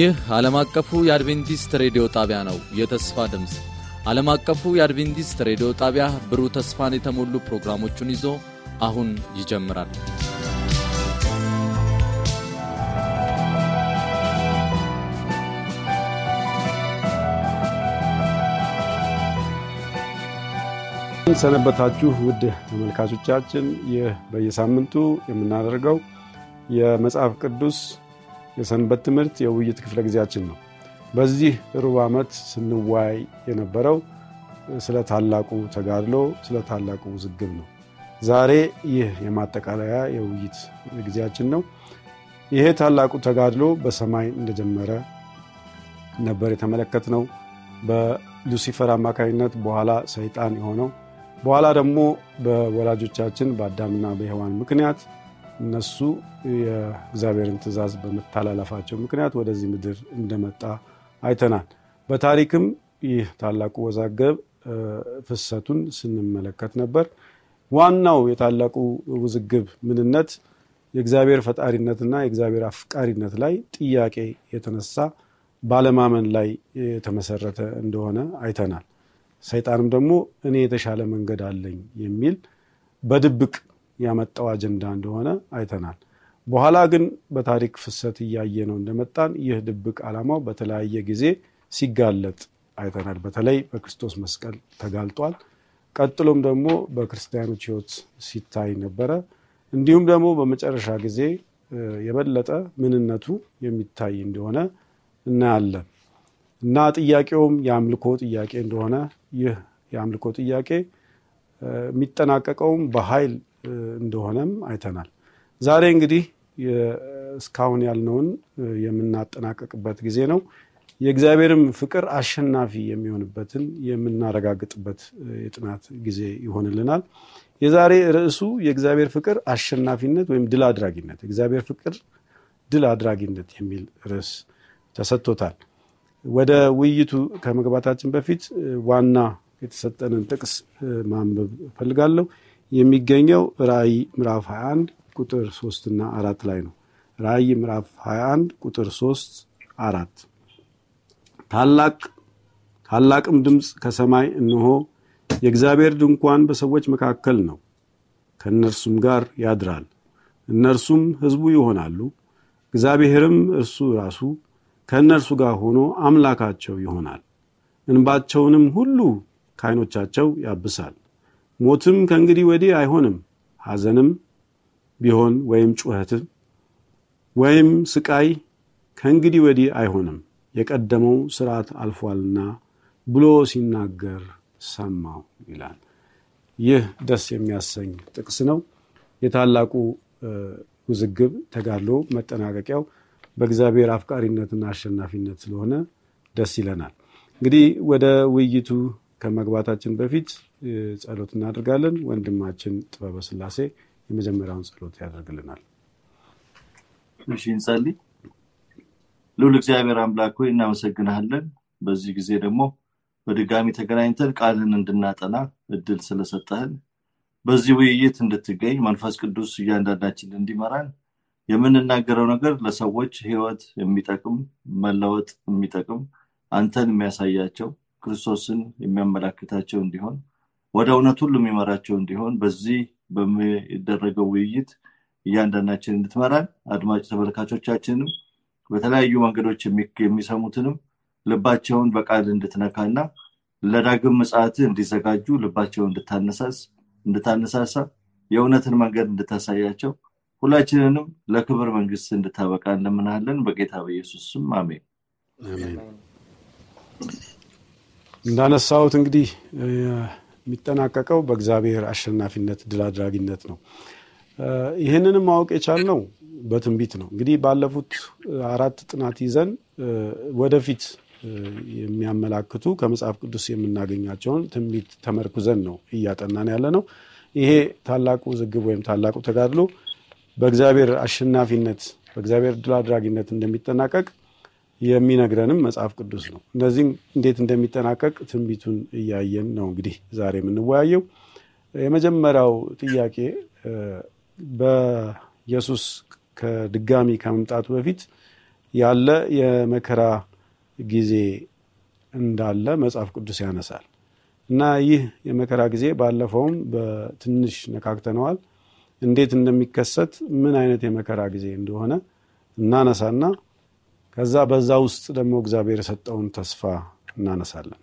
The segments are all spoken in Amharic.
ይህ ዓለም አቀፉ የአድቬንቲስት ሬዲዮ ጣቢያ ነው። የተስፋ ድምፅ ዓለም አቀፉ የአድቬንቲስት ሬዲዮ ጣቢያ ብሩህ ተስፋን የተሞሉ ፕሮግራሞቹን ይዞ አሁን ይጀምራል። ሰነበታችሁ ውድ ተመልካቾቻችን። ይህ በየሳምንቱ የምናደርገው የመጽሐፍ ቅዱስ የሰንበት ትምህርት የውይይት ክፍለ ጊዜያችን ነው። በዚህ ሩብ ዓመት ስንወያይ የነበረው ስለ ታላቁ ተጋድሎ፣ ስለ ታላቁ ውዝግብ ነው። ዛሬ ይህ የማጠቃለያ የውይይት ጊዜያችን ነው። ይሄ ታላቁ ተጋድሎ በሰማይ እንደጀመረ ነበር የተመለከትነው። በሉሲፈር አማካኝነት በኋላ ሰይጣን የሆነው በኋላ ደግሞ በወላጆቻችን በአዳምና በሔዋን ምክንያት እነሱ የእግዚአብሔርን ትእዛዝ በመተላለፋቸው ምክንያት ወደዚህ ምድር እንደመጣ አይተናል። በታሪክም ይህ ታላቁ ወዛገብ ፍሰቱን ስንመለከት ነበር። ዋናው የታላቁ ውዝግብ ምንነት የእግዚአብሔር ፈጣሪነትና የእግዚአብሔር አፍቃሪነት ላይ ጥያቄ የተነሳ ባለማመን ላይ የተመሰረተ እንደሆነ አይተናል። ሰይጣንም ደግሞ እኔ የተሻለ መንገድ አለኝ የሚል በድብቅ ያመጣው አጀንዳ እንደሆነ አይተናል። በኋላ ግን በታሪክ ፍሰት እያየ ነው እንደመጣን ይህ ድብቅ ዓላማው በተለያየ ጊዜ ሲጋለጥ አይተናል። በተለይ በክርስቶስ መስቀል ተጋልጧል። ቀጥሎም ደግሞ በክርስቲያኖች ሕይወት ሲታይ ነበረ። እንዲሁም ደግሞ በመጨረሻ ጊዜ የበለጠ ምንነቱ የሚታይ እንደሆነ እናያለን እና ጥያቄውም የአምልኮ ጥያቄ እንደሆነ ይህ የአምልኮ ጥያቄ የሚጠናቀቀውም በኃይል እንደሆነም አይተናል። ዛሬ እንግዲህ እስካሁን ያልነውን የምናጠናቀቅበት ጊዜ ነው። የእግዚአብሔርም ፍቅር አሸናፊ የሚሆንበትን የምናረጋግጥበት የጥናት ጊዜ ይሆንልናል። የዛሬ ርዕሱ የእግዚአብሔር ፍቅር አሸናፊነት ወይም ድል አድራጊነት፣ እግዚአብሔር ፍቅር ድል አድራጊነት የሚል ርዕስ ተሰጥቶታል። ወደ ውይይቱ ከመግባታችን በፊት ዋና የተሰጠንን ጥቅስ ማንበብ እፈልጋለሁ። የሚገኘው ራእይ ምዕራፍ 21 ቁጥር 3 እና 4 ላይ ነው። ራእይ ምዕራፍ 21 ቁጥር 3 4 ታላቅ ታላቅም ድምፅ ከሰማይ እንሆ የእግዚአብሔር ድንኳን በሰዎች መካከል ነው፣ ከእነርሱም ጋር ያድራል፣ እነርሱም ሕዝቡ ይሆናሉ። እግዚአብሔርም እርሱ ራሱ ከእነርሱ ጋር ሆኖ አምላካቸው ይሆናል፣ እንባቸውንም ሁሉ ከዓይኖቻቸው ያብሳል። ሞትም ከእንግዲህ ወዲህ አይሆንም፣ ሐዘንም ቢሆን ወይም ጩኸት ወይም ስቃይ ከእንግዲህ ወዲህ አይሆንም፣ የቀደመው ስርዓት አልፏልና ብሎ ሲናገር ሰማው ይላል። ይህ ደስ የሚያሰኝ ጥቅስ ነው። የታላቁ ውዝግብ ተጋድሎ መጠናቀቂያው በእግዚአብሔር አፍቃሪነትና አሸናፊነት ስለሆነ ደስ ይለናል። እንግዲህ ወደ ውይይቱ ከመግባታችን በፊት ጸሎት እናደርጋለን። ወንድማችን ጥበበ ስላሴ የመጀመሪያውን ጸሎት ያደርግልናል። እሺ እንጸልይ። ልዑል እግዚአብሔር አምላክ ሆይ እናመሰግናለን። በዚህ ጊዜ ደግሞ በድጋሚ ተገናኝተን ቃልህን እንድናጠና እድል ስለሰጠህን በዚህ ውይይት እንድትገኝ መንፈስ ቅዱስ እያንዳንዳችን እንዲመራን የምንናገረው ነገር ለሰዎች ህይወት የሚጠቅም መለወጥ የሚጠቅም አንተን የሚያሳያቸው ክርስቶስን የሚያመላክታቸው እንዲሆን ወደ እውነት ሁሉ የሚመራቸው እንዲሆን በዚህ በሚደረገው ውይይት እያንዳንዳችን እንድትመራን አድማጭ ተመልካቾቻችንም በተለያዩ መንገዶች የሚሰሙትንም ልባቸውን በቃል እንድትነካና ለዳግም ምጽአት እንዲዘጋጁ ልባቸውን እንድታነሳሳ የእውነትን መንገድ እንድታሳያቸው ሁላችንንም ለክብር መንግስት እንድታበቃ እንደምናለን በጌታ በኢየሱስ ስም አሜን እንዳነሳሁት እንግዲህ የሚጠናቀቀው በእግዚአብሔር አሸናፊነት ድል አድራጊነት ነው። ይህንንም ማወቅ የቻልነው በትንቢት ነው። እንግዲህ ባለፉት አራት ጥናት ይዘን ወደፊት የሚያመላክቱ ከመጽሐፍ ቅዱስ የምናገኛቸውን ትንቢት ተመርኩዘን ነው እያጠናን ያለ ነው። ይሄ ታላቁ ዝግብ ወይም ታላቁ ተጋድሎ በእግዚአብሔር አሸናፊነት በእግዚአብሔር ድል አድራጊነት እንደሚጠናቀቅ የሚነግረንም መጽሐፍ ቅዱስ ነው። እነዚህ እንዴት እንደሚጠናቀቅ ትንቢቱን እያየን ነው እንግዲህ ዛሬ የምንወያየው። የመጀመሪያው ጥያቄ በኢየሱስ ከድጋሚ ከመምጣቱ በፊት ያለ የመከራ ጊዜ እንዳለ መጽሐፍ ቅዱስ ያነሳል እና ይህ የመከራ ጊዜ ባለፈውም በትንሽ ነካክተነዋል። እንዴት እንደሚከሰት ምን አይነት የመከራ ጊዜ እንደሆነ እናነሳና ከዛ በዛ ውስጥ ደግሞ እግዚአብሔር የሰጠውን ተስፋ እናነሳለን።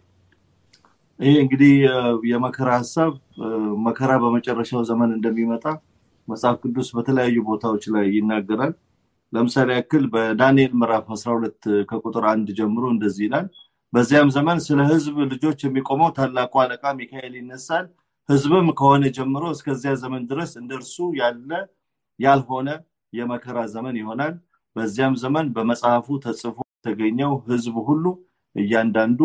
ይህ እንግዲህ የመከራ ሀሳብ መከራ በመጨረሻው ዘመን እንደሚመጣ መጽሐፍ ቅዱስ በተለያዩ ቦታዎች ላይ ይናገራል። ለምሳሌ ያክል በዳንኤል ምዕራፍ 12 ከቁጥር አንድ ጀምሮ እንደዚህ ይላል፣ በዚያም ዘመን ስለ ህዝብ ልጆች የሚቆመው ታላቁ አለቃ ሚካኤል ይነሳል፣ ህዝብም ከሆነ ጀምሮ እስከዚያ ዘመን ድረስ እንደ እርሱ ያለ ያልሆነ የመከራ ዘመን ይሆናል በዚያም ዘመን በመጽሐፉ ተጽፎ የተገኘው ህዝብ ሁሉ እያንዳንዱ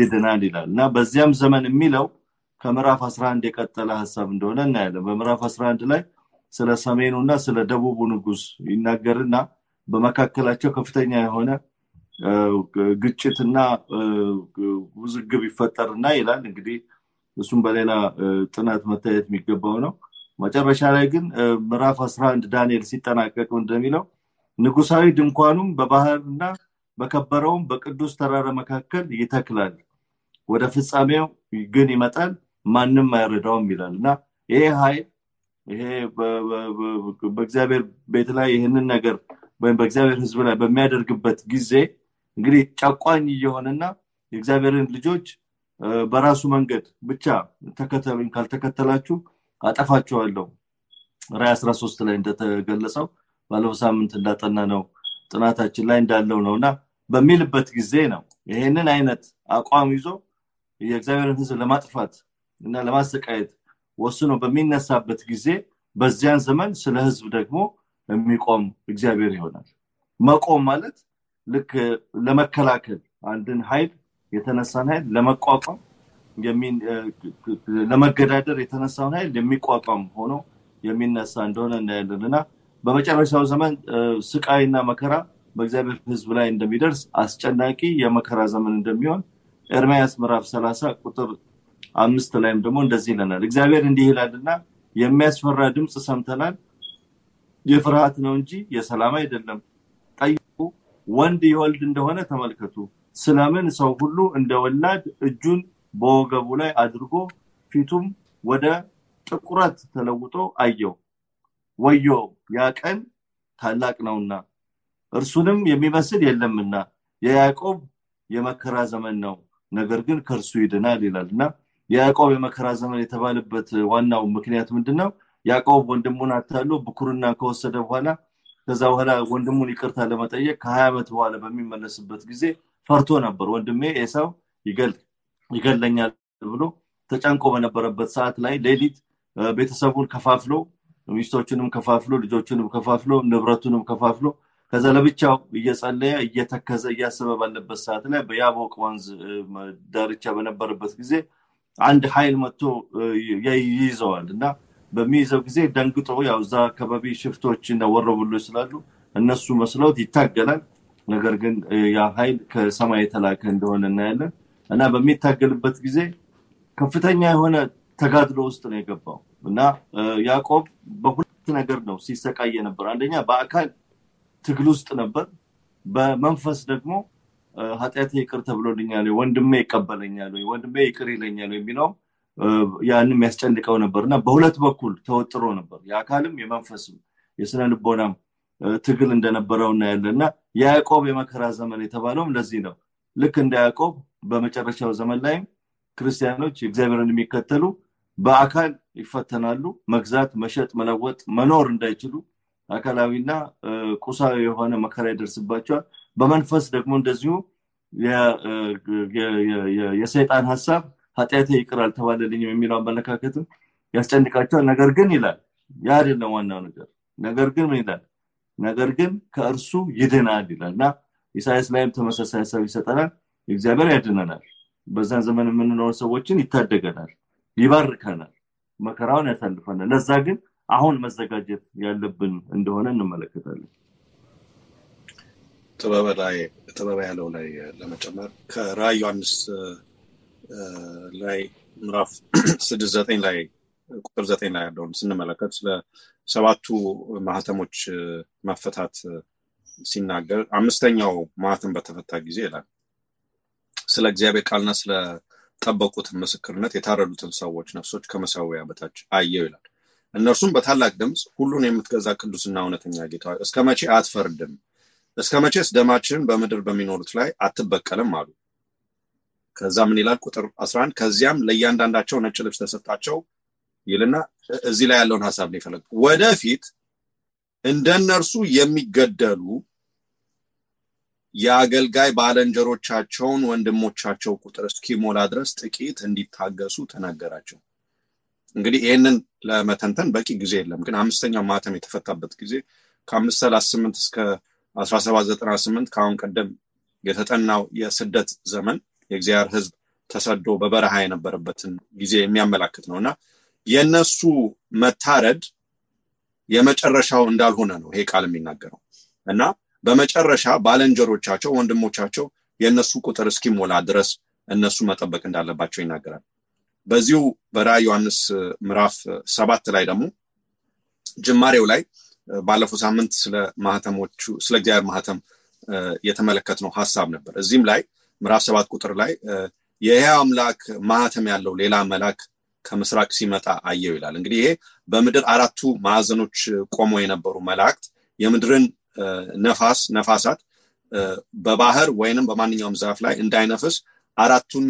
ይድናል ይላል እና በዚያም ዘመን የሚለው ከምዕራፍ 11 የቀጠለ ሀሳብ እንደሆነ እናያለን በምዕራፍ 11 ላይ ስለ ሰሜኑ እና ስለ ደቡቡ ንጉስ ይናገርና በመካከላቸው ከፍተኛ የሆነ ግጭትና ውዝግብ ይፈጠርና ይላል እንግዲህ እሱም በሌላ ጥናት መታየት የሚገባው ነው መጨረሻ ላይ ግን ምዕራፍ 11 ዳንኤል ሲጠናቀቅ እንደሚለው ንጉሳዊ ድንኳኑም በባህርና በከበረውም በቅዱስ ተራራ መካከል ይተክላል ወደ ፍጻሜው ግን ይመጣል ማንም አይረዳውም ይላል እና ይሄ ሀይል ይሄ በእግዚአብሔር ቤት ላይ ይህንን ነገር ወይም በእግዚአብሔር ህዝብ ላይ በሚያደርግበት ጊዜ እንግዲህ ጨቋኝ እየሆነና የእግዚአብሔርን ልጆች በራሱ መንገድ ብቻ ተከተሉኝ ካልተከተላችሁ አጠፋችኋለሁ ራይ 13 ላይ እንደተገለጸው ባለፈው ሳምንት እንዳጠና ነው ጥናታችን ላይ እንዳለው ነው እና በሚልበት ጊዜ ነው ይሄንን አይነት አቋም ይዞ የእግዚአብሔርን ህዝብ ለማጥፋት እና ለማሰቃየት ወስኖ በሚነሳበት ጊዜ በዚያን ዘመን ስለ ህዝብ ደግሞ የሚቆም እግዚአብሔር ይሆናል መቆም ማለት ልክ ለመከላከል አንድን ሀይል የተነሳን ሀይል ለመቋቋም ለመገዳደር የተነሳውን ሀይል የሚቋቋም ሆኖ የሚነሳ እንደሆነ እናያለን እና በመጨረሻው ዘመን ስቃይና መከራ በእግዚአብሔር ህዝብ ላይ እንደሚደርስ አስጨናቂ የመከራ ዘመን እንደሚሆን ኤርሚያስ ምዕራፍ ሰላሳ ቁጥር አምስት ላይም ደግሞ እንደዚህ ይለናል። እግዚአብሔር እንዲህ ይላልና የሚያስፈራ ድምፅ ሰምተናል፣ የፍርሃት ነው እንጂ የሰላም አይደለም። ጠይቁ፣ ወንድ የወልድ እንደሆነ ተመልከቱ። ስለምን ሰው ሁሉ እንደ ወላድ እጁን በወገቡ ላይ አድርጎ ፊቱም ወደ ጥቁረት ተለውጦ አየው። ወየው ያ ቀን ታላቅ ነውና እርሱንም የሚመስል የለምና የያዕቆብ የመከራ ዘመን ነው ነገር ግን ከእርሱ ይድናል ይላል እና የያዕቆብ የመከራ ዘመን የተባለበት ዋናው ምክንያት ምንድነው ያዕቆብ ወንድሙን አታሎ ብኩርና ከወሰደ በኋላ ከዛ በኋላ ወንድሙን ይቅርታ ለመጠየቅ ከሀያ ዓመት በኋላ በሚመለስበት ጊዜ ፈርቶ ነበር ወንድሜ ኤሳው ይገለኛል ብሎ ተጨንቆ በነበረበት ሰዓት ላይ ሌሊት ቤተሰቡን ከፋፍሎ ሚስቶቹንም ከፋፍሎ ልጆቹንም ከፋፍሎ ንብረቱንም ከፋፍሎ ከዛ ለብቻው እየጸለየ እየተከዘ እያሰበ ባለበት ሰዓት ላይ በያቦቅ ወንዝ ዳርቻ በነበረበት ጊዜ አንድ ሀይል መጥቶ ይይዘዋል እና በሚይዘው ጊዜ ደንግጦ ያው እዛ አካባቢ ሽፍቶች እና ወሮበሎች ስላሉ እነሱ መስለውት ይታገላል ነገር ግን ያ ሀይል ከሰማይ የተላከ እንደሆነ እናያለን እና በሚታገልበት ጊዜ ከፍተኛ የሆነ ተጋድሎ ውስጥ ነው የገባው እና ያዕቆብ በሁለት ነገር ነው ሲሰቃየ ነበር። አንደኛ በአካል ትግል ውስጥ ነበር፣ በመንፈስ ደግሞ ኃጢአት ይቅር ተብሎልኛል፣ ወንድሜ ይቀበለኛል፣ ወንድሜ ይቅር ይለኛል የሚለው ያንን የሚያስጨንቀው ነበር እና በሁለት በኩል ተወጥሮ ነበር። የአካልም የመንፈስም የስነ ልቦናም ትግል እንደነበረው እናያለን እና የያዕቆብ የመከራ ዘመን የተባለውም ለዚህ ነው። ልክ እንደ ያዕቆብ በመጨረሻው ዘመን ላይም ክርስቲያኖች እግዚአብሔርን የሚከተሉ በአካል ይፈተናሉ። መግዛት፣ መሸጥ፣ መለወጥ፣ መኖር እንዳይችሉ አካላዊና ቁሳዊ የሆነ መከራ ይደርስባቸዋል። በመንፈስ ደግሞ እንደዚሁ የሰይጣን ሀሳብ ኃጢአቴ ይቅር አልተባለልኝም የሚለው አመለካከትም ያስጨንቃቸዋል። ነገር ግን ይላል ያ አይደለም ዋናው ነገር። ነገር ግን ምን ይላል? ነገር ግን ከእርሱ ይድናል ይላል እና ኢሳያስ ላይም ተመሳሳይ ሀሳብ ይሰጠናል። እግዚአብሔር ያድነናል። በዛን ዘመን የምንኖር ሰዎችን ይታደገናል። ይባርከናል መከራውን ያሳልፈናል ለዛ ግን አሁን መዘጋጀት ያለብን እንደሆነ እንመለከታለን ጥበበ ያለው ላይ ለመጨመር ከራ ዮሐንስ ላይ ምራፍ ስድስት ዘጠኝ ላይ ቁጥር ዘጠኝ ላይ ያለውን ስንመለከት ስለ ሰባቱ ማህተሞች መፈታት ሲናገር አምስተኛው ማህተም በተፈታ ጊዜ ይላል ስለ እግዚአብሔር ቃልና ስለ የጠበቁትን ምስክርነት የታረዱትን ሰዎች ነፍሶች ከመሰዊያ በታች አየው ይላል። እነርሱም በታላቅ ድምፅ ሁሉን የምትገዛ ቅዱስና እውነተኛ ጌታ እስከ መቼ አትፈርድም? እስከ መቼስ ደማችንን በምድር በሚኖሩት ላይ አትበቀልም አሉ። ከዛ ምን ይላል? ቁጥር 11 ከዚያም ለእያንዳንዳቸው ነጭ ልብስ ተሰጣቸው ይልና እዚህ ላይ ያለውን ሀሳብ ነው ይፈለግ ወደፊት እንደነርሱ የሚገደሉ የአገልጋይ ባለንጀሮቻቸውን ወንድሞቻቸው ቁጥር እስኪሞላ ድረስ ጥቂት እንዲታገሱ ተናገራቸው። እንግዲህ ይህንን ለመተንተን በቂ ጊዜ የለም፣ ግን አምስተኛው ማተም የተፈታበት ጊዜ ከአምስት ሰላሳ ስምንት እስከ አስራ ሰባት ዘጠና ስምንት ከአሁን ቀደም የተጠናው የስደት ዘመን የእግዚአብሔር ህዝብ ተሰዶ በበረሃ የነበረበትን ጊዜ የሚያመላክት ነው እና የእነሱ መታረድ የመጨረሻው እንዳልሆነ ነው ይሄ ቃል የሚናገረው እና በመጨረሻ ባለንጀሮቻቸው ወንድሞቻቸው የእነሱ ቁጥር እስኪሞላ ድረስ እነሱ መጠበቅ እንዳለባቸው ይናገራል። በዚሁ በራ ዮሐንስ ምዕራፍ ሰባት ላይ ደግሞ ጅማሬው ላይ ባለፈው ሳምንት ስለ ማህተሞቹ ስለ እግዚአብሔር ማህተም ነው ሀሳብ ነበር። እዚህም ላይ ምዕራፍ ሰባት ቁጥር ላይ የሕያው አምላክ ማህተም ያለው ሌላ መላክ ከምስራቅ ሲመጣ አየው ይላል። እንግዲህ ይሄ በምድር አራቱ ማዕዘኖች ቆመው የነበሩ መላእክት የምድርን ነፋስ ነፋሳት በባህር ወይንም በማንኛውም ዛፍ ላይ እንዳይነፍስ አራቱን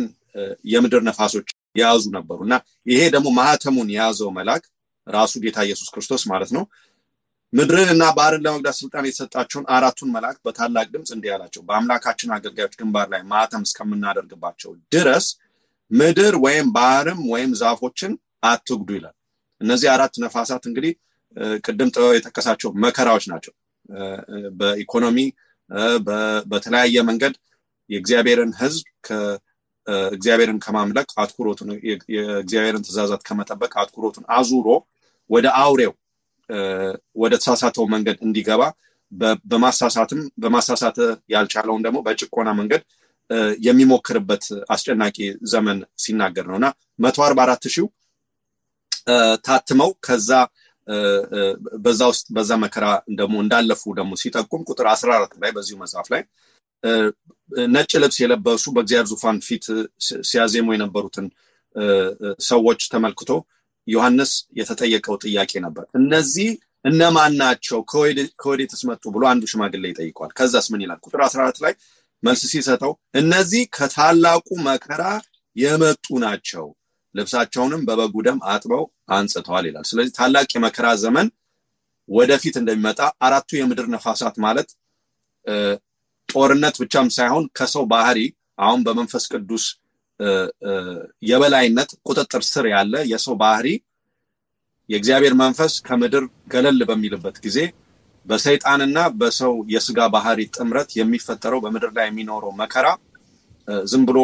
የምድር ነፋሶች የያዙ ነበሩ እና ይሄ ደግሞ ማህተሙን የያዘው መልአክ ራሱ ጌታ ኢየሱስ ክርስቶስ ማለት ነው ምድርን እና ባህርን ለመግዳት ስልጣን የተሰጣቸውን አራቱን መላእክት በታላቅ ድምፅ እንዲህ ያላቸው በአምላካችን አገልጋዮች ግንባር ላይ ማህተም እስከምናደርግባቸው ድረስ ምድር ወይም ባህርም ወይም ዛፎችን አትጉዱ ይላል እነዚህ አራት ነፋሳት እንግዲህ ቅድም ጥበብ የጠቀሳቸው መከራዎች ናቸው በኢኮኖሚ በተለያየ መንገድ የእግዚአብሔርን ህዝብ እግዚአብሔርን ከማምለክ አትኩሮቱን የእግዚአብሔርን ትእዛዛት ከመጠበቅ አትኩሮቱን አዙሮ ወደ አውሬው ወደ ተሳሳተው መንገድ እንዲገባ በማሳሳትም በማሳሳት ያልቻለውን ደግሞ በጭቆና መንገድ የሚሞክርበት አስጨናቂ ዘመን ሲናገር ነው እና መቶ አርባ አራት ሺው ታትመው ከዛ በዛ ውስጥ በዛ መከራ ደግሞ እንዳለፉ ደግሞ ሲጠቁም ቁጥር አስራ አራት ላይ በዚሁ መጽሐፍ ላይ ነጭ ልብስ የለበሱ በእግዚአብሔር ዙፋን ፊት ሲያዜሙ የነበሩትን ሰዎች ተመልክቶ ዮሐንስ የተጠየቀው ጥያቄ ነበር። እነዚህ እነማን ናቸው? ከወዴትስ መጡ ብሎ አንዱ ሽማግሌ ይጠይቀዋል ከዛስ ምን ይላል? ቁጥር 14 ላይ መልስ ሲሰጠው እነዚህ ከታላቁ መከራ የመጡ ናቸው ልብሳቸውንም በበጉ ደም አጥበው አንጽተዋል ይላል። ስለዚህ ታላቅ የመከራ ዘመን ወደፊት እንደሚመጣ አራቱ የምድር ነፋሳት ማለት ጦርነት ብቻም ሳይሆን ከሰው ባህሪ አሁን በመንፈስ ቅዱስ የበላይነት ቁጥጥር ስር ያለ የሰው ባህሪ የእግዚአብሔር መንፈስ ከምድር ገለል በሚልበት ጊዜ በሰይጣንና በሰው የስጋ ባህሪ ጥምረት የሚፈጠረው በምድር ላይ የሚኖረው መከራ ዝም ብሎ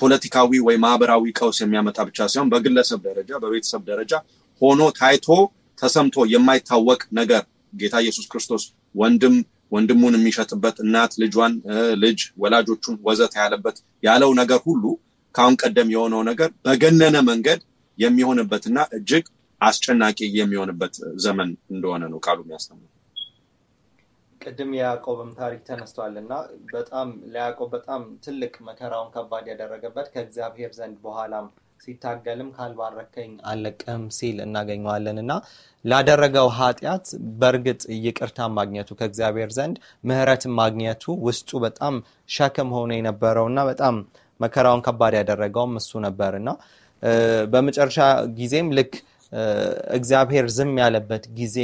ፖለቲካዊ ወይ ማህበራዊ ቀውስ የሚያመጣ ብቻ ሳይሆን በግለሰብ ደረጃ በቤተሰብ ደረጃ ሆኖ ታይቶ ተሰምቶ የማይታወቅ ነገር ጌታ ኢየሱስ ክርስቶስ ወንድም ወንድሙን የሚሸጥበት እናት ልጇን ልጅ ወላጆቹን ወዘተ ያለበት ያለው ነገር ሁሉ ከአሁን ቀደም የሆነው ነገር በገነነ መንገድ የሚሆንበትና እጅግ አስጨናቂ የሚሆንበት ዘመን እንደሆነ ነው ቃሉ የሚያስተምሩ ቅድም የያዕቆብም ታሪክ ተነስቷል እና በጣም ለያዕቆብ በጣም ትልቅ መከራውን ከባድ ያደረገበት ከእግዚአብሔር ዘንድ በኋላም ሲታገልም ካልባረከኝ አለቅም ሲል እናገኘዋለን እና ላደረገው ኃጢአት በእርግጥ ይቅርታ ማግኘቱ ከእግዚአብሔር ዘንድ ምህረት ማግኘቱ ውስጡ በጣም ሸክም ሆኖ የነበረው እና በጣም መከራውን ከባድ ያደረገውም እሱ ነበር እና በመጨረሻ ጊዜም ልክ እግዚአብሔር ዝም ያለበት ጊዜ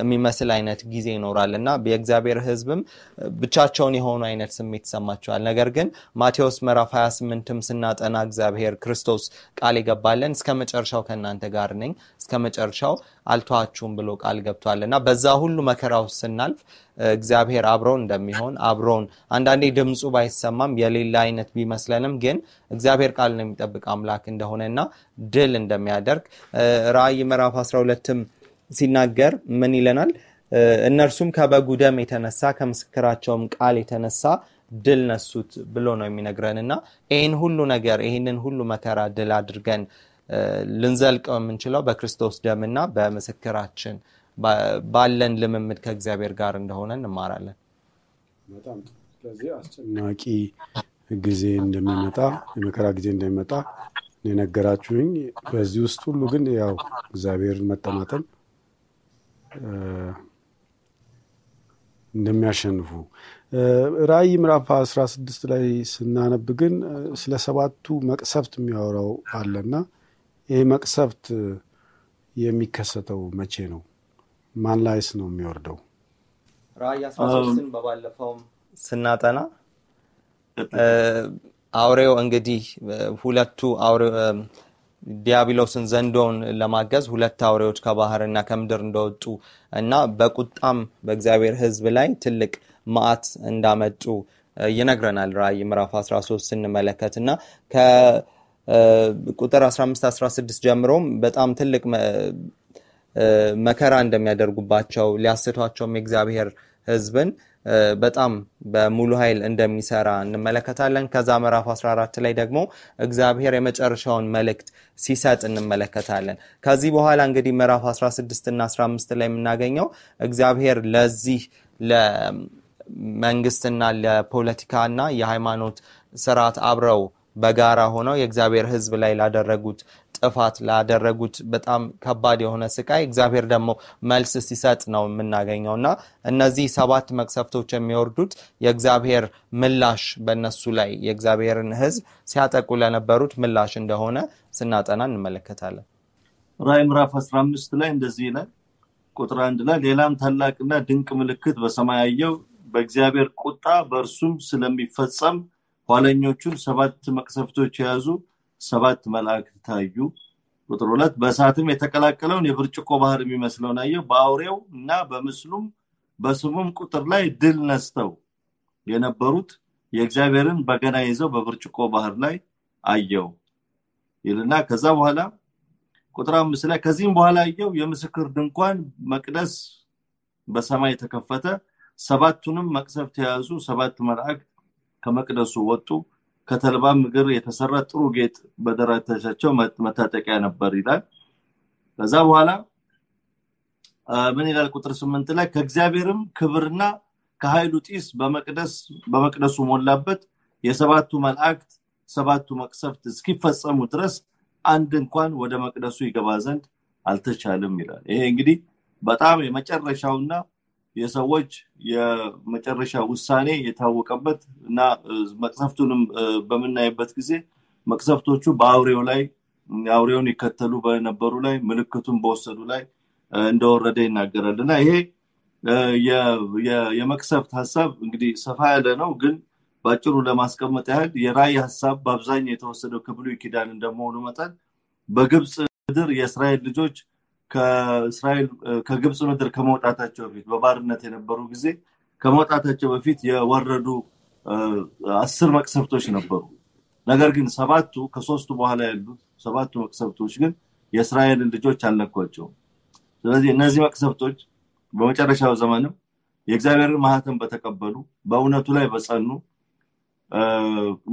የሚመስል አይነት ጊዜ ይኖራል እና የእግዚአብሔር ህዝብም ብቻቸውን የሆኑ አይነት ስሜት ይሰማቸዋል። ነገር ግን ማቴዎስ ምዕራፍ 28ም ስናጠና እግዚአብሔር ክርስቶስ ቃል ይገባለን እስከ መጨረሻው ከእናንተ ጋር ነኝ፣ እስከ መጨረሻው አልተዋችሁም ብሎ ቃል ገብቷል እና በዛ ሁሉ መከራው ስናልፍ እግዚአብሔር አብሮን እንደሚሆን አብረውን አንዳንዴ ድምፁ ባይሰማም የሌላ አይነት ቢመስለንም ግን እግዚአብሔር ቃል ነው የሚጠብቅ አምላክ እንደሆነና ድል እንደሚያደርግ ራእይ ምዕራፍ 12ም ሲናገር ምን ይለናል? እነርሱም ከበጉ ደም የተነሳ ከምስክራቸውም ቃል የተነሳ ድል ነሱት ብሎ ነው የሚነግረን እና ይህን ሁሉ ነገር ይህንን ሁሉ መከራ ድል አድርገን ልንዘልቀው የምንችለው በክርስቶስ ደምና በምስክራችን ባለን ልምምድ ከእግዚአብሔር ጋር እንደሆነ እንማራለን። በጣም ስለዚህ አስጨናቂ ጊዜ እንደሚመጣ የመከራ ጊዜ እንደሚመጣ የነገራችሁኝ። በዚህ ውስጥ ሁሉ ግን ያው እግዚአብሔርን መጠማጠም እንደሚያሸንፉ ራእይ ምዕራፍ 16 ላይ ስናነብ ግን ስለ ሰባቱ መቅሰፍት የሚያወራው አለና ይህ መቅሰፍት የሚከሰተው መቼ ነው? ማን ላይስ ነው የሚወርደው? ራእይ 13 በባለፈውም ስናጠና አውሬው እንግዲህ ሁለቱ ዲያብሎስን ዘንዶውን ለማገዝ ሁለት አውሬዎች ከባህርና ከምድር እንደወጡ እና በቁጣም በእግዚአብሔር ህዝብ ላይ ትልቅ ማአት እንዳመጡ ይነግረናል። ራይ ምዕራፍ 13 ስንመለከት እና ከቁጥር 15 16 ጀምሮም በጣም ትልቅ መከራ እንደሚያደርጉባቸው ሊያስቷቸውም የእግዚአብሔር ህዝብን። በጣም በሙሉ ኃይል እንደሚሰራ እንመለከታለን። ከዛ ምዕራፍ 14 ላይ ደግሞ እግዚአብሔር የመጨረሻውን መልእክት ሲሰጥ እንመለከታለን። ከዚህ በኋላ እንግዲህ ምዕራፍ 16 እና 15 ላይ የምናገኘው እግዚአብሔር ለዚህ ለመንግስትና ለፖለቲካና የሃይማኖት ስርዓት አብረው በጋራ ሆነው የእግዚአብሔር ሕዝብ ላይ ላደረጉት ጥፋት ላደረጉት በጣም ከባድ የሆነ ስቃይ እግዚአብሔር ደግሞ መልስ ሲሰጥ ነው የምናገኘው እና እነዚህ ሰባት መቅሰፍቶች የሚወርዱት የእግዚአብሔር ምላሽ በእነሱ ላይ የእግዚአብሔርን ህዝብ ሲያጠቁ ለነበሩት ምላሽ እንደሆነ ስናጠና እንመለከታለን። ራይ ምራፍ 15 ላይ እንደዚህ ይላል፣ ቁጥር አንድ ላይ ሌላም ታላቅና ድንቅ ምልክት በሰማይ በእግዚአብሔር ቁጣ በእርሱም ስለሚፈጸም ኋለኞቹን ሰባት መቅሰፍቶች የያዙ ሰባት መላእክት ታዩ። ቁጥር ሁለት በእሳትም የተቀላቀለውን የብርጭቆ ባህር የሚመስለውን አየሁ። በአውሬው እና በምስሉም በስሙም ቁጥር ላይ ድል ነስተው የነበሩት የእግዚአብሔርን በገና ይዘው በብርጭቆ ባህር ላይ አየው ይልና ከዛ በኋላ ቁጥር አምስት ላይ ከዚህም በኋላ አየው የምስክር ድንኳን መቅደስ በሰማይ ተከፈተ። ሰባቱንም መቅሰፍት የያዙ ሰባት መልአክ ከመቅደሱ ወጡ። ከተልባም እግር የተሰራ ጥሩ ጌጥ በደረታቸው መታጠቂያ ነበር ይላል ከዛ በኋላ ምን ይላል ቁጥር ስምንት ላይ ከእግዚአብሔርም ክብርና ከሀይሉ ጢስ በመቅደስ በመቅደሱ ሞላበት የሰባቱ መላእክት ሰባቱ መቅሰፍት እስኪፈጸሙ ድረስ አንድ እንኳን ወደ መቅደሱ ይገባ ዘንድ አልተቻልም ይላል ይሄ እንግዲህ በጣም የመጨረሻውና የሰዎች የመጨረሻ ውሳኔ የታወቀበት እና መቅሰፍቱንም በምናይበት ጊዜ መቅሰፍቶቹ በአውሬው ላይ አውሬውን ይከተሉ በነበሩ ላይ ምልክቱን በወሰዱ ላይ እንደወረደ ይናገራል እና ይሄ የመቅሰፍት ሀሳብ እንግዲህ ሰፋ ያለ ነው ግን በአጭሩ ለማስቀመጥ ያህል የራይ ሀሳብ በአብዛኛው የተወሰደው ከብሉይ ኪዳን እንደመሆኑ መጠን በግብፅ ምድር የእስራኤል ልጆች ከእስራኤል ከግብፅ ምድር ከመውጣታቸው በፊት በባርነት የነበሩ ጊዜ ከመውጣታቸው በፊት የወረዱ አስር መቅሰብቶች ነበሩ። ነገር ግን ሰባቱ ከሶስቱ በኋላ ያሉት ሰባቱ መቅሰብቶች ግን የእስራኤልን ልጆች አልነኳቸውም። ስለዚህ እነዚህ መቅሰብቶች በመጨረሻው ዘመንም የእግዚአብሔርን ማህተም በተቀበሉ በእውነቱ ላይ በጸኑ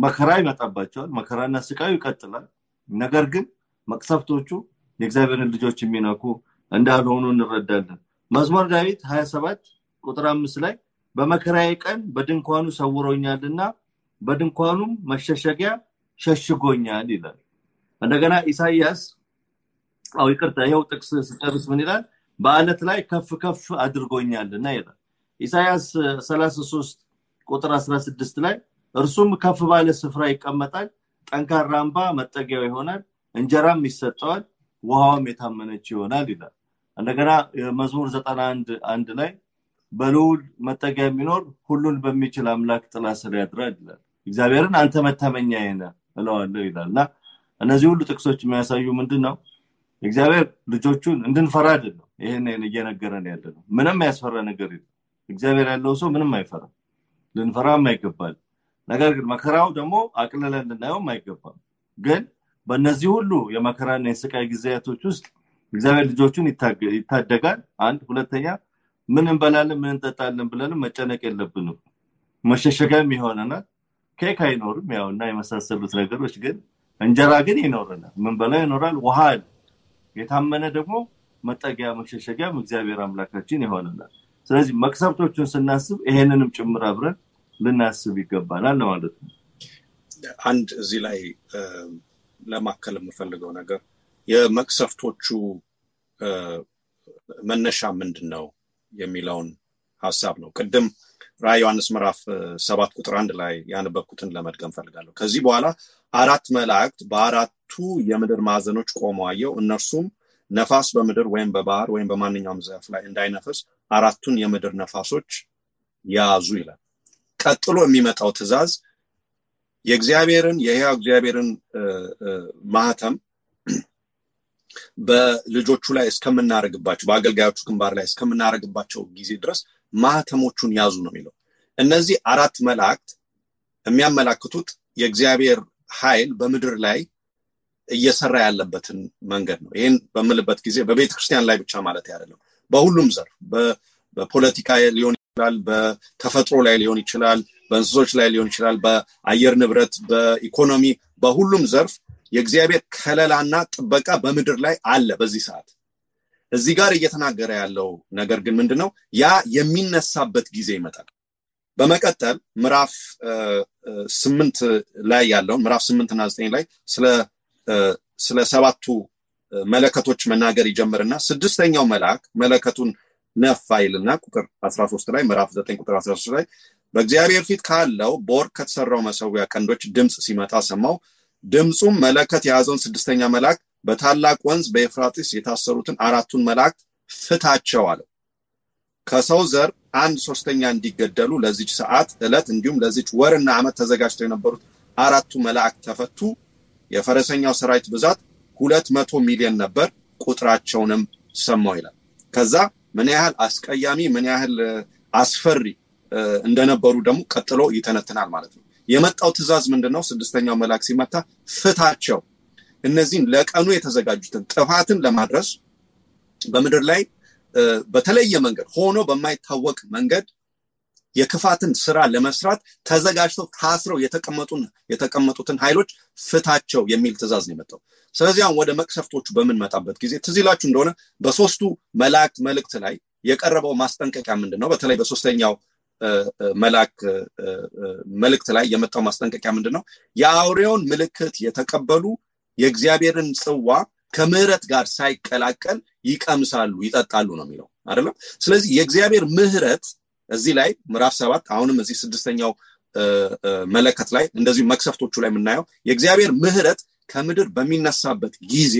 መከራ ይመጣባቸዋል። መከራና ስቃዩ ይቀጥላል። ነገር ግን መቅሰብቶቹ የእግዚአብሔርን ልጆች የሚነኩ እንዳልሆኑ እንረዳለን መዝሙር ዳዊት 27 ቁጥር አምስት ላይ በመከራዬ ቀን በድንኳኑ ሰውሮኛልና በድንኳኑም መሸሸጊያ ሸሽጎኛል ይላል እንደገና ኢሳይያስ አው ይቅርታ ይኸው ጥቅስ ስጨርስ ምን ይላል በአለት ላይ ከፍ ከፍ አድርጎኛልና ይላል ኢሳይያስ 33 ቁጥር 16 ላይ እርሱም ከፍ ባለ ስፍራ ይቀመጣል ጠንካራ አምባ መጠጊያው ይሆናል እንጀራም ይሰጠዋል ውሃውም የታመነች ይሆናል ይላል። እንደገና መዝሙር ዘጠና አንድ አንድ ላይ በልውል መጠጊያ የሚኖር ሁሉን በሚችል አምላክ ጥላ ስር ያድራል ይላል። እግዚአብሔርን አንተ መታመኛ ይነ እለዋለሁ ይላል እና እነዚህ ሁሉ ጥቅሶች የሚያሳዩ ምንድን ነው? እግዚአብሔር ልጆቹን እንድንፈራ አይደለም ይህን እየነገረን ያለ ነው። ምንም ያስፈራ ነገር የለም። እግዚአብሔር ያለው ሰው ምንም አይፈራም፣ ልንፈራም አይገባል። ነገር ግን መከራው ደግሞ አቅልለን ልናየውም አይገባም። ግን በእነዚህ ሁሉ የመከራና የስቃይ ጊዜያቶች ውስጥ እግዚአብሔር ልጆቹን ይታደጋል አንድ ሁለተኛ ምን እንበላለን ምን እንጠጣለን ብለንም መጨነቅ የለብንም መሸሸጋም ይሆነናል ኬክ አይኖርም ያው እና የመሳሰሉት ነገሮች ግን እንጀራ ግን ይኖረናል ምን በላ ይኖራል ውሃ የታመነ ደግሞ መጠጊያ መሸሸጊያም እግዚአብሔር አምላካችን ይሆነናል ስለዚህ መቅሰብቶቹን ስናስብ ይሄንንም ጭምር አብረን ልናስብ ይገባናል ለማለት ነው አንድ እዚህ ላይ ለማከል የምፈልገው ነገር የመቅሰፍቶቹ መነሻ ምንድን ነው የሚለውን ሀሳብ ነው። ቅድም ራ ዮሐንስ ምዕራፍ ሰባት ቁጥር አንድ ላይ ያንበኩትን ለመድገም ፈልጋለሁ። ከዚህ በኋላ አራት መላእክት በአራቱ የምድር ማዕዘኖች ቆመው አየሁ። እነርሱም ነፋስ በምድር ወይም በባህር ወይም በማንኛውም ዘፍ ላይ እንዳይነፍስ አራቱን የምድር ነፋሶች ያዙ ይላል። ቀጥሎ የሚመጣው ትዕዛዝ የእግዚአብሔርን የህያው እግዚአብሔርን ማህተም በልጆቹ ላይ እስከምናደርግባቸው በአገልጋዮቹ ግንባር ላይ እስከምናደርግባቸው ጊዜ ድረስ ማህተሞቹን ያዙ ነው የሚለው እነዚህ አራት መላእክት የሚያመላክቱት የእግዚአብሔር ኃይል በምድር ላይ እየሰራ ያለበትን መንገድ ነው ይህን በምልበት ጊዜ በቤተ ክርስቲያን ላይ ብቻ ማለት አይደለም በሁሉም ዘርፍ በፖለቲካ ሊሆን ይችላል በተፈጥሮ ላይ ሊሆን ይችላል በእንስሶች ላይ ሊሆን ይችላል፣ በአየር ንብረት፣ በኢኮኖሚ፣ በሁሉም ዘርፍ የእግዚአብሔር ከለላና ጥበቃ በምድር ላይ አለ በዚህ ሰዓት። እዚህ ጋር እየተናገረ ያለው ነገር ግን ምንድን ነው? ያ የሚነሳበት ጊዜ ይመጣል። በመቀጠል ምራፍ ስምንት ላይ ያለውን ስምንት ስምንትና ዘጠኝ ላይ ስለ ሰባቱ መለከቶች መናገር ይጀምርና ስድስተኛው መልአክ መለከቱን ነፋ ይልና ቁጥር 13 ላይ ምዕራፍ 9 ቁጥር 13 ላይ በእግዚአብሔር ፊት ካለው በወርቅ ከተሰራው መሰዊያ ቀንዶች ድምፅ ሲመጣ ሰማው። ድምፁም መለከት የያዘውን ስድስተኛ መልአክ በታላቅ ወንዝ በኤፍራጢስ የታሰሩትን አራቱን መልአክ ፍታቸው አለው። ከሰው ዘር አንድ ሶስተኛ እንዲገደሉ ለዚች ሰዓት እለት እንዲሁም ለዚች ወርና ዓመት ተዘጋጅተው የነበሩት አራቱ መልአክ ተፈቱ። የፈረሰኛው ሰራዊት ብዛት ሁለት መቶ ሚሊዮን ነበር። ቁጥራቸውንም ሰማው ይላል። ከዛ ምን ያህል አስቀያሚ ምን ያህል አስፈሪ እንደነበሩ ደግሞ ቀጥሎ ይተነትናል ማለት ነው። የመጣው ትእዛዝ ምንድነው ስድስተኛው መልአክ ሲመታ ፍታቸው፣ እነዚህን ለቀኑ የተዘጋጁትን ጥፋትን ለማድረስ በምድር ላይ በተለየ መንገድ ሆኖ በማይታወቅ መንገድ የክፋትን ስራ ለመስራት ተዘጋጅተው ታስረው የተቀመጡትን ኃይሎች ፍታቸው የሚል ትእዛዝ ነው የመጣው። ስለዚህ አሁን ወደ መቅሰፍቶቹ በምንመጣበት ጊዜ ትዚላችሁ እንደሆነ በሶስቱ መላእክት መልእክት ላይ የቀረበው ማስጠንቀቂያ ምንድን ነው? በተለይ በሶስተኛው መላክ መልእክት ላይ የመጣው ማስጠንቀቂያ ምንድን ነው? የአውሬውን ምልክት የተቀበሉ የእግዚአብሔርን ጽዋ ከምህረት ጋር ሳይቀላቀል ይቀምሳሉ፣ ይጠጣሉ ነው የሚለው አይደለም። ስለዚህ የእግዚአብሔር ምህረት እዚህ ላይ ምዕራፍ ሰባት አሁንም እዚህ ስድስተኛው መለከት ላይ እንደዚሁ መክሰፍቶቹ ላይ የምናየው የእግዚአብሔር ምህረት ከምድር በሚነሳበት ጊዜ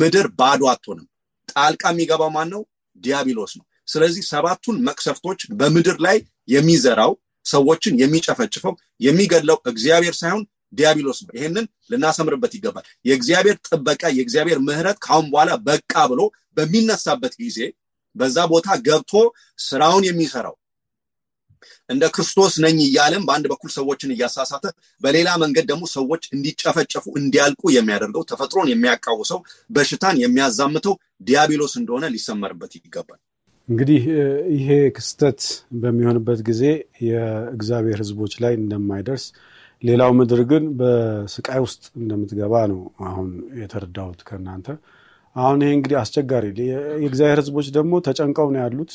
ምድር ባዶ አትሆንም። ጣልቃ የሚገባው ማን ነው? ዲያብሎስ ነው። ስለዚህ ሰባቱን መቅሰፍቶች በምድር ላይ የሚዘራው ሰዎችን የሚጨፈጭፈው የሚገድለው እግዚአብሔር ሳይሆን ዲያብሎስ ነው። ይህንን ልናሰምርበት ይገባል። የእግዚአብሔር ጥበቃ፣ የእግዚአብሔር ምህረት ካሁን በኋላ በቃ ብሎ በሚነሳበት ጊዜ በዛ ቦታ ገብቶ ስራውን የሚሰራው እንደ ክርስቶስ ነኝ እያለም በአንድ በኩል ሰዎችን እያሳሳተ በሌላ መንገድ ደግሞ ሰዎች እንዲጨፈጨፉ እንዲያልቁ የሚያደርገው ተፈጥሮን የሚያቃውሰው በሽታን የሚያዛምተው ዲያብሎስ እንደሆነ ሊሰመርበት ይገባል። እንግዲህ ይሄ ክስተት በሚሆንበት ጊዜ የእግዚአብሔር ሕዝቦች ላይ እንደማይደርስ ሌላው ምድር ግን በስቃይ ውስጥ እንደምትገባ ነው አሁን የተረዳሁት ከእናንተ። አሁን ይሄ እንግዲህ አስቸጋሪ የእግዚአብሔር ሕዝቦች ደግሞ ተጨንቀው ነው ያሉት።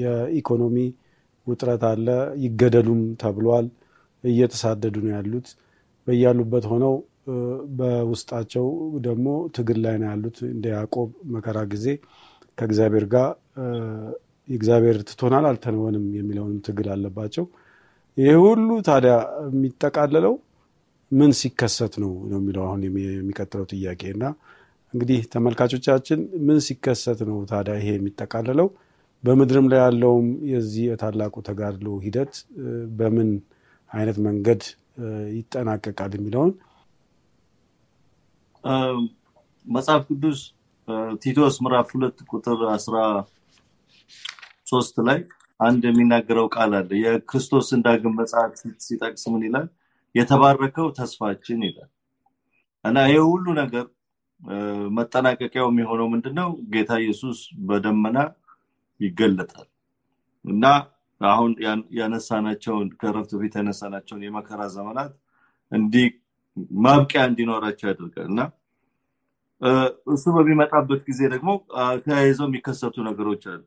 የኢኮኖሚ ውጥረት አለ፣ ይገደሉም ተብሏል። እየተሳደዱ ነው ያሉት። በያሉበት ሆነው በውስጣቸው ደግሞ ትግል ላይ ነው ያሉት። እንደ ያዕቆብ መከራ ጊዜ ከእግዚአብሔር ጋር የእግዚአብሔር ትቶናል አልተነወንም የሚለውንም ትግል አለባቸው። ይህ ሁሉ ታዲያ የሚጠቃለለው ምን ሲከሰት ነው ነው የሚለው አሁን የሚቀጥለው ጥያቄ እና እንግዲህ ተመልካቾቻችን ምን ሲከሰት ነው ታዲያ ይሄ የሚጠቃለለው? በምድርም ላይ ያለውም የዚህ የታላቁ ተጋድሎ ሂደት በምን አይነት መንገድ ይጠናቀቃል የሚለውን መጽሐፍ ቅዱስ ቲቶስ ምዕራፍ ሁለት ቁጥር አስራ ሶስት ላይ አንድ የሚናገረው ቃል አለ የክርስቶስን ዳግም መጽሐፍ ሲጠቅስ ምን ይላል የተባረከው ተስፋችን ይላል እና ይህ ሁሉ ነገር መጠናቀቂያው የሚሆነው ምንድነው ጌታ ኢየሱስ በደመና ይገለጣል እና አሁን ያነሳናቸውን ከረፍት በፊት ያነሳናቸውን የመከራ ዘመናት እንዲ ማብቂያ እንዲኖራቸው ያደርጋል እና እሱ በሚመጣበት ጊዜ ደግሞ ተያይዘው የሚከሰቱ ነገሮች አሉ።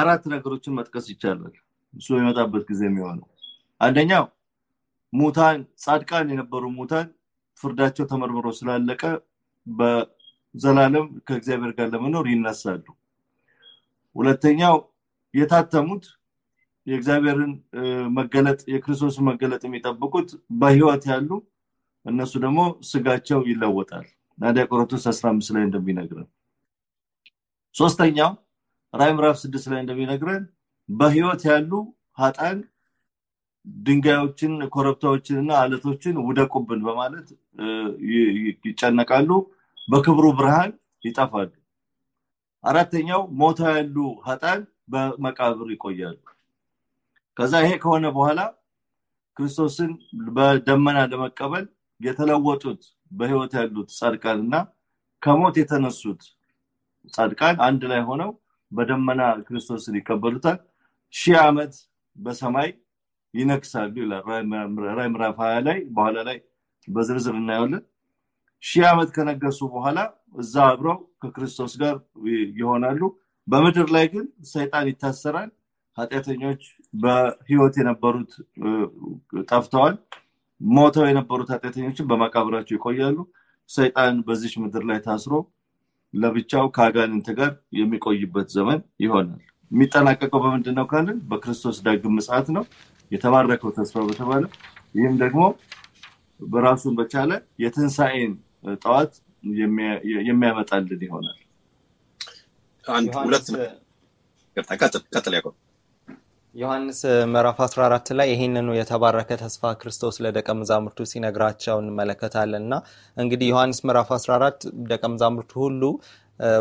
አራት ነገሮችን መጥቀስ ይቻላል። እሱ በሚመጣበት ጊዜ የሚሆነው አንደኛው ሙታን ጻድቃን የነበሩ ሙታን ፍርዳቸው ተመርምሮ ስላለቀ በዘላለም ከእግዚአብሔር ጋር ለመኖር ይነሳሉ። ሁለተኛው የታተሙት የእግዚአብሔርን መገለጥ የክርስቶስን መገለጥ የሚጠብቁት በህይወት ያሉ እነሱ ደግሞ ስጋቸው ይለወጣል ናዲያ ቆሮንቶስ 15 ላይ እንደሚነግረን ሶስተኛው ራይ ምዕራፍ ስድስት ላይ እንደሚነግረን በህይወት ያሉ ሀጣን ድንጋዮችን ኮረብታዎችን እና አለቶችን ውደቁብን በማለት ይጨነቃሉ በክብሩ ብርሃን ይጠፋሉ አራተኛው ሞታ ያሉ ሀጣን በመቃብር ይቆያሉ ከዛ ይሄ ከሆነ በኋላ ክርስቶስን በደመና ለመቀበል የተለወጡት በህይወት ያሉት ጻድቃን እና ከሞት የተነሱት ጻድቃን አንድ ላይ ሆነው በደመና ክርስቶስን ይቀበሉታል ሺህ ዓመት በሰማይ ይነግሳሉ ይላል ምራፍ ሀያ ላይ በኋላ ላይ በዝርዝር እናየዋለን ሺህ ዓመት ከነገሱ በኋላ እዛ አብረው ከክርስቶስ ጋር ይሆናሉ በምድር ላይ ግን ሰይጣን ይታሰራል ኃጢአተኞች በህይወት የነበሩት ጠፍተዋል ሞተው የነበሩት ኃጢአተኞችን በመቃብራቸው ይቆያሉ። ሰይጣን በዚች ምድር ላይ ታስሮ ለብቻው ከአጋንንት ጋር የሚቆይበት ዘመን ይሆናል። የሚጠናቀቀው በምንድን ነው ካለን በክርስቶስ ዳግም ምጽአት ነው። የተባረከው ተስፋ በተባለ ይህም ደግሞ በራሱን በቻለ የትንሣኤን ጠዋት የሚያመጣልን ይሆናል። አንድ ሁለት ቀጥል ያቆም ዮሐንስ ምዕራፍ 14 ላይ ይህንኑ የተባረከ ተስፋ ክርስቶስ ለደቀ መዛሙርቱ ሲነግራቸው እንመለከታለን እና እንግዲህ ዮሐንስ ምዕራፍ 14 ደቀ መዛሙርቱ ሁሉ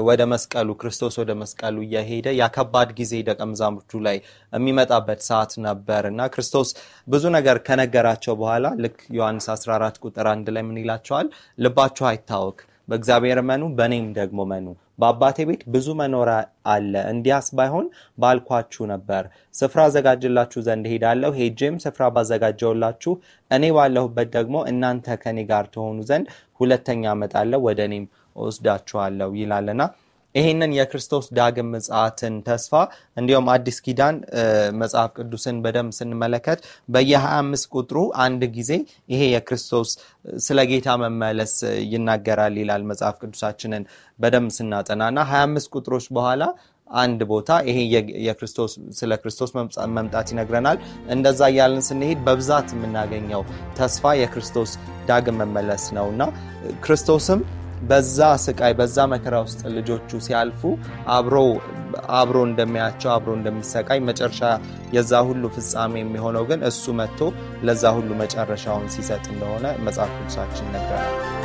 ወደ መስቀሉ ክርስቶስ ወደ መስቀሉ እየሄደ ያከባድ ጊዜ ደቀ መዛሙርቱ ላይ የሚመጣበት ሰዓት ነበር እና ክርስቶስ ብዙ ነገር ከነገራቸው በኋላ ልክ ዮሐንስ 14 ቁጥር አንድ ላይ ምን ይላቸዋል? ልባችሁ አይታወክ፣ በእግዚአብሔር መኑ፣ በእኔም ደግሞ መኑ በአባቴ ቤት ብዙ መኖሪያ አለ፣ እንዲያስ ባይሆን ባልኳችሁ ነበር። ስፍራ አዘጋጅላችሁ ዘንድ ሄዳለሁ። ሄጄም ስፍራ ባዘጋጀውላችሁ እኔ ባለሁበት ደግሞ እናንተ ከኔ ጋር ትሆኑ ዘንድ ሁለተኛ እመጣለሁ፣ ወደ እኔም ወስዳችኋለሁ ይላልና ይሄንን የክርስቶስ ዳግም ምጽአትን ተስፋ እንዲሁም አዲስ ኪዳን መጽሐፍ ቅዱስን በደንብ ስንመለከት በየ25 ቁጥሩ አንድ ጊዜ ይሄ የክርስቶስ ስለ ጌታ መመለስ ይናገራል ይላል መጽሐፍ ቅዱሳችንን በደንብ ስናጠና እና 25 ቁጥሮች በኋላ አንድ ቦታ ይሄ የክርስቶስ ስለ ክርስቶስ መምጣት ይነግረናል። እንደዛ እያልን ስንሄድ በብዛት የምናገኘው ተስፋ የክርስቶስ ዳግም መመለስ ነው እና ክርስቶስም በዛ ስቃይ በዛ መከራ ውስጥ ልጆቹ ሲያልፉ አብሮ አብሮ እንደሚያቸው አብሮ እንደሚሰቃይ መጨረሻ የዛ ሁሉ ፍጻሜ የሚሆነው ግን እሱ መጥቶ ለዛ ሁሉ መጨረሻውን ሲሰጥ እንደሆነ መጽሐፍ ቅዱሳችን ነገራል።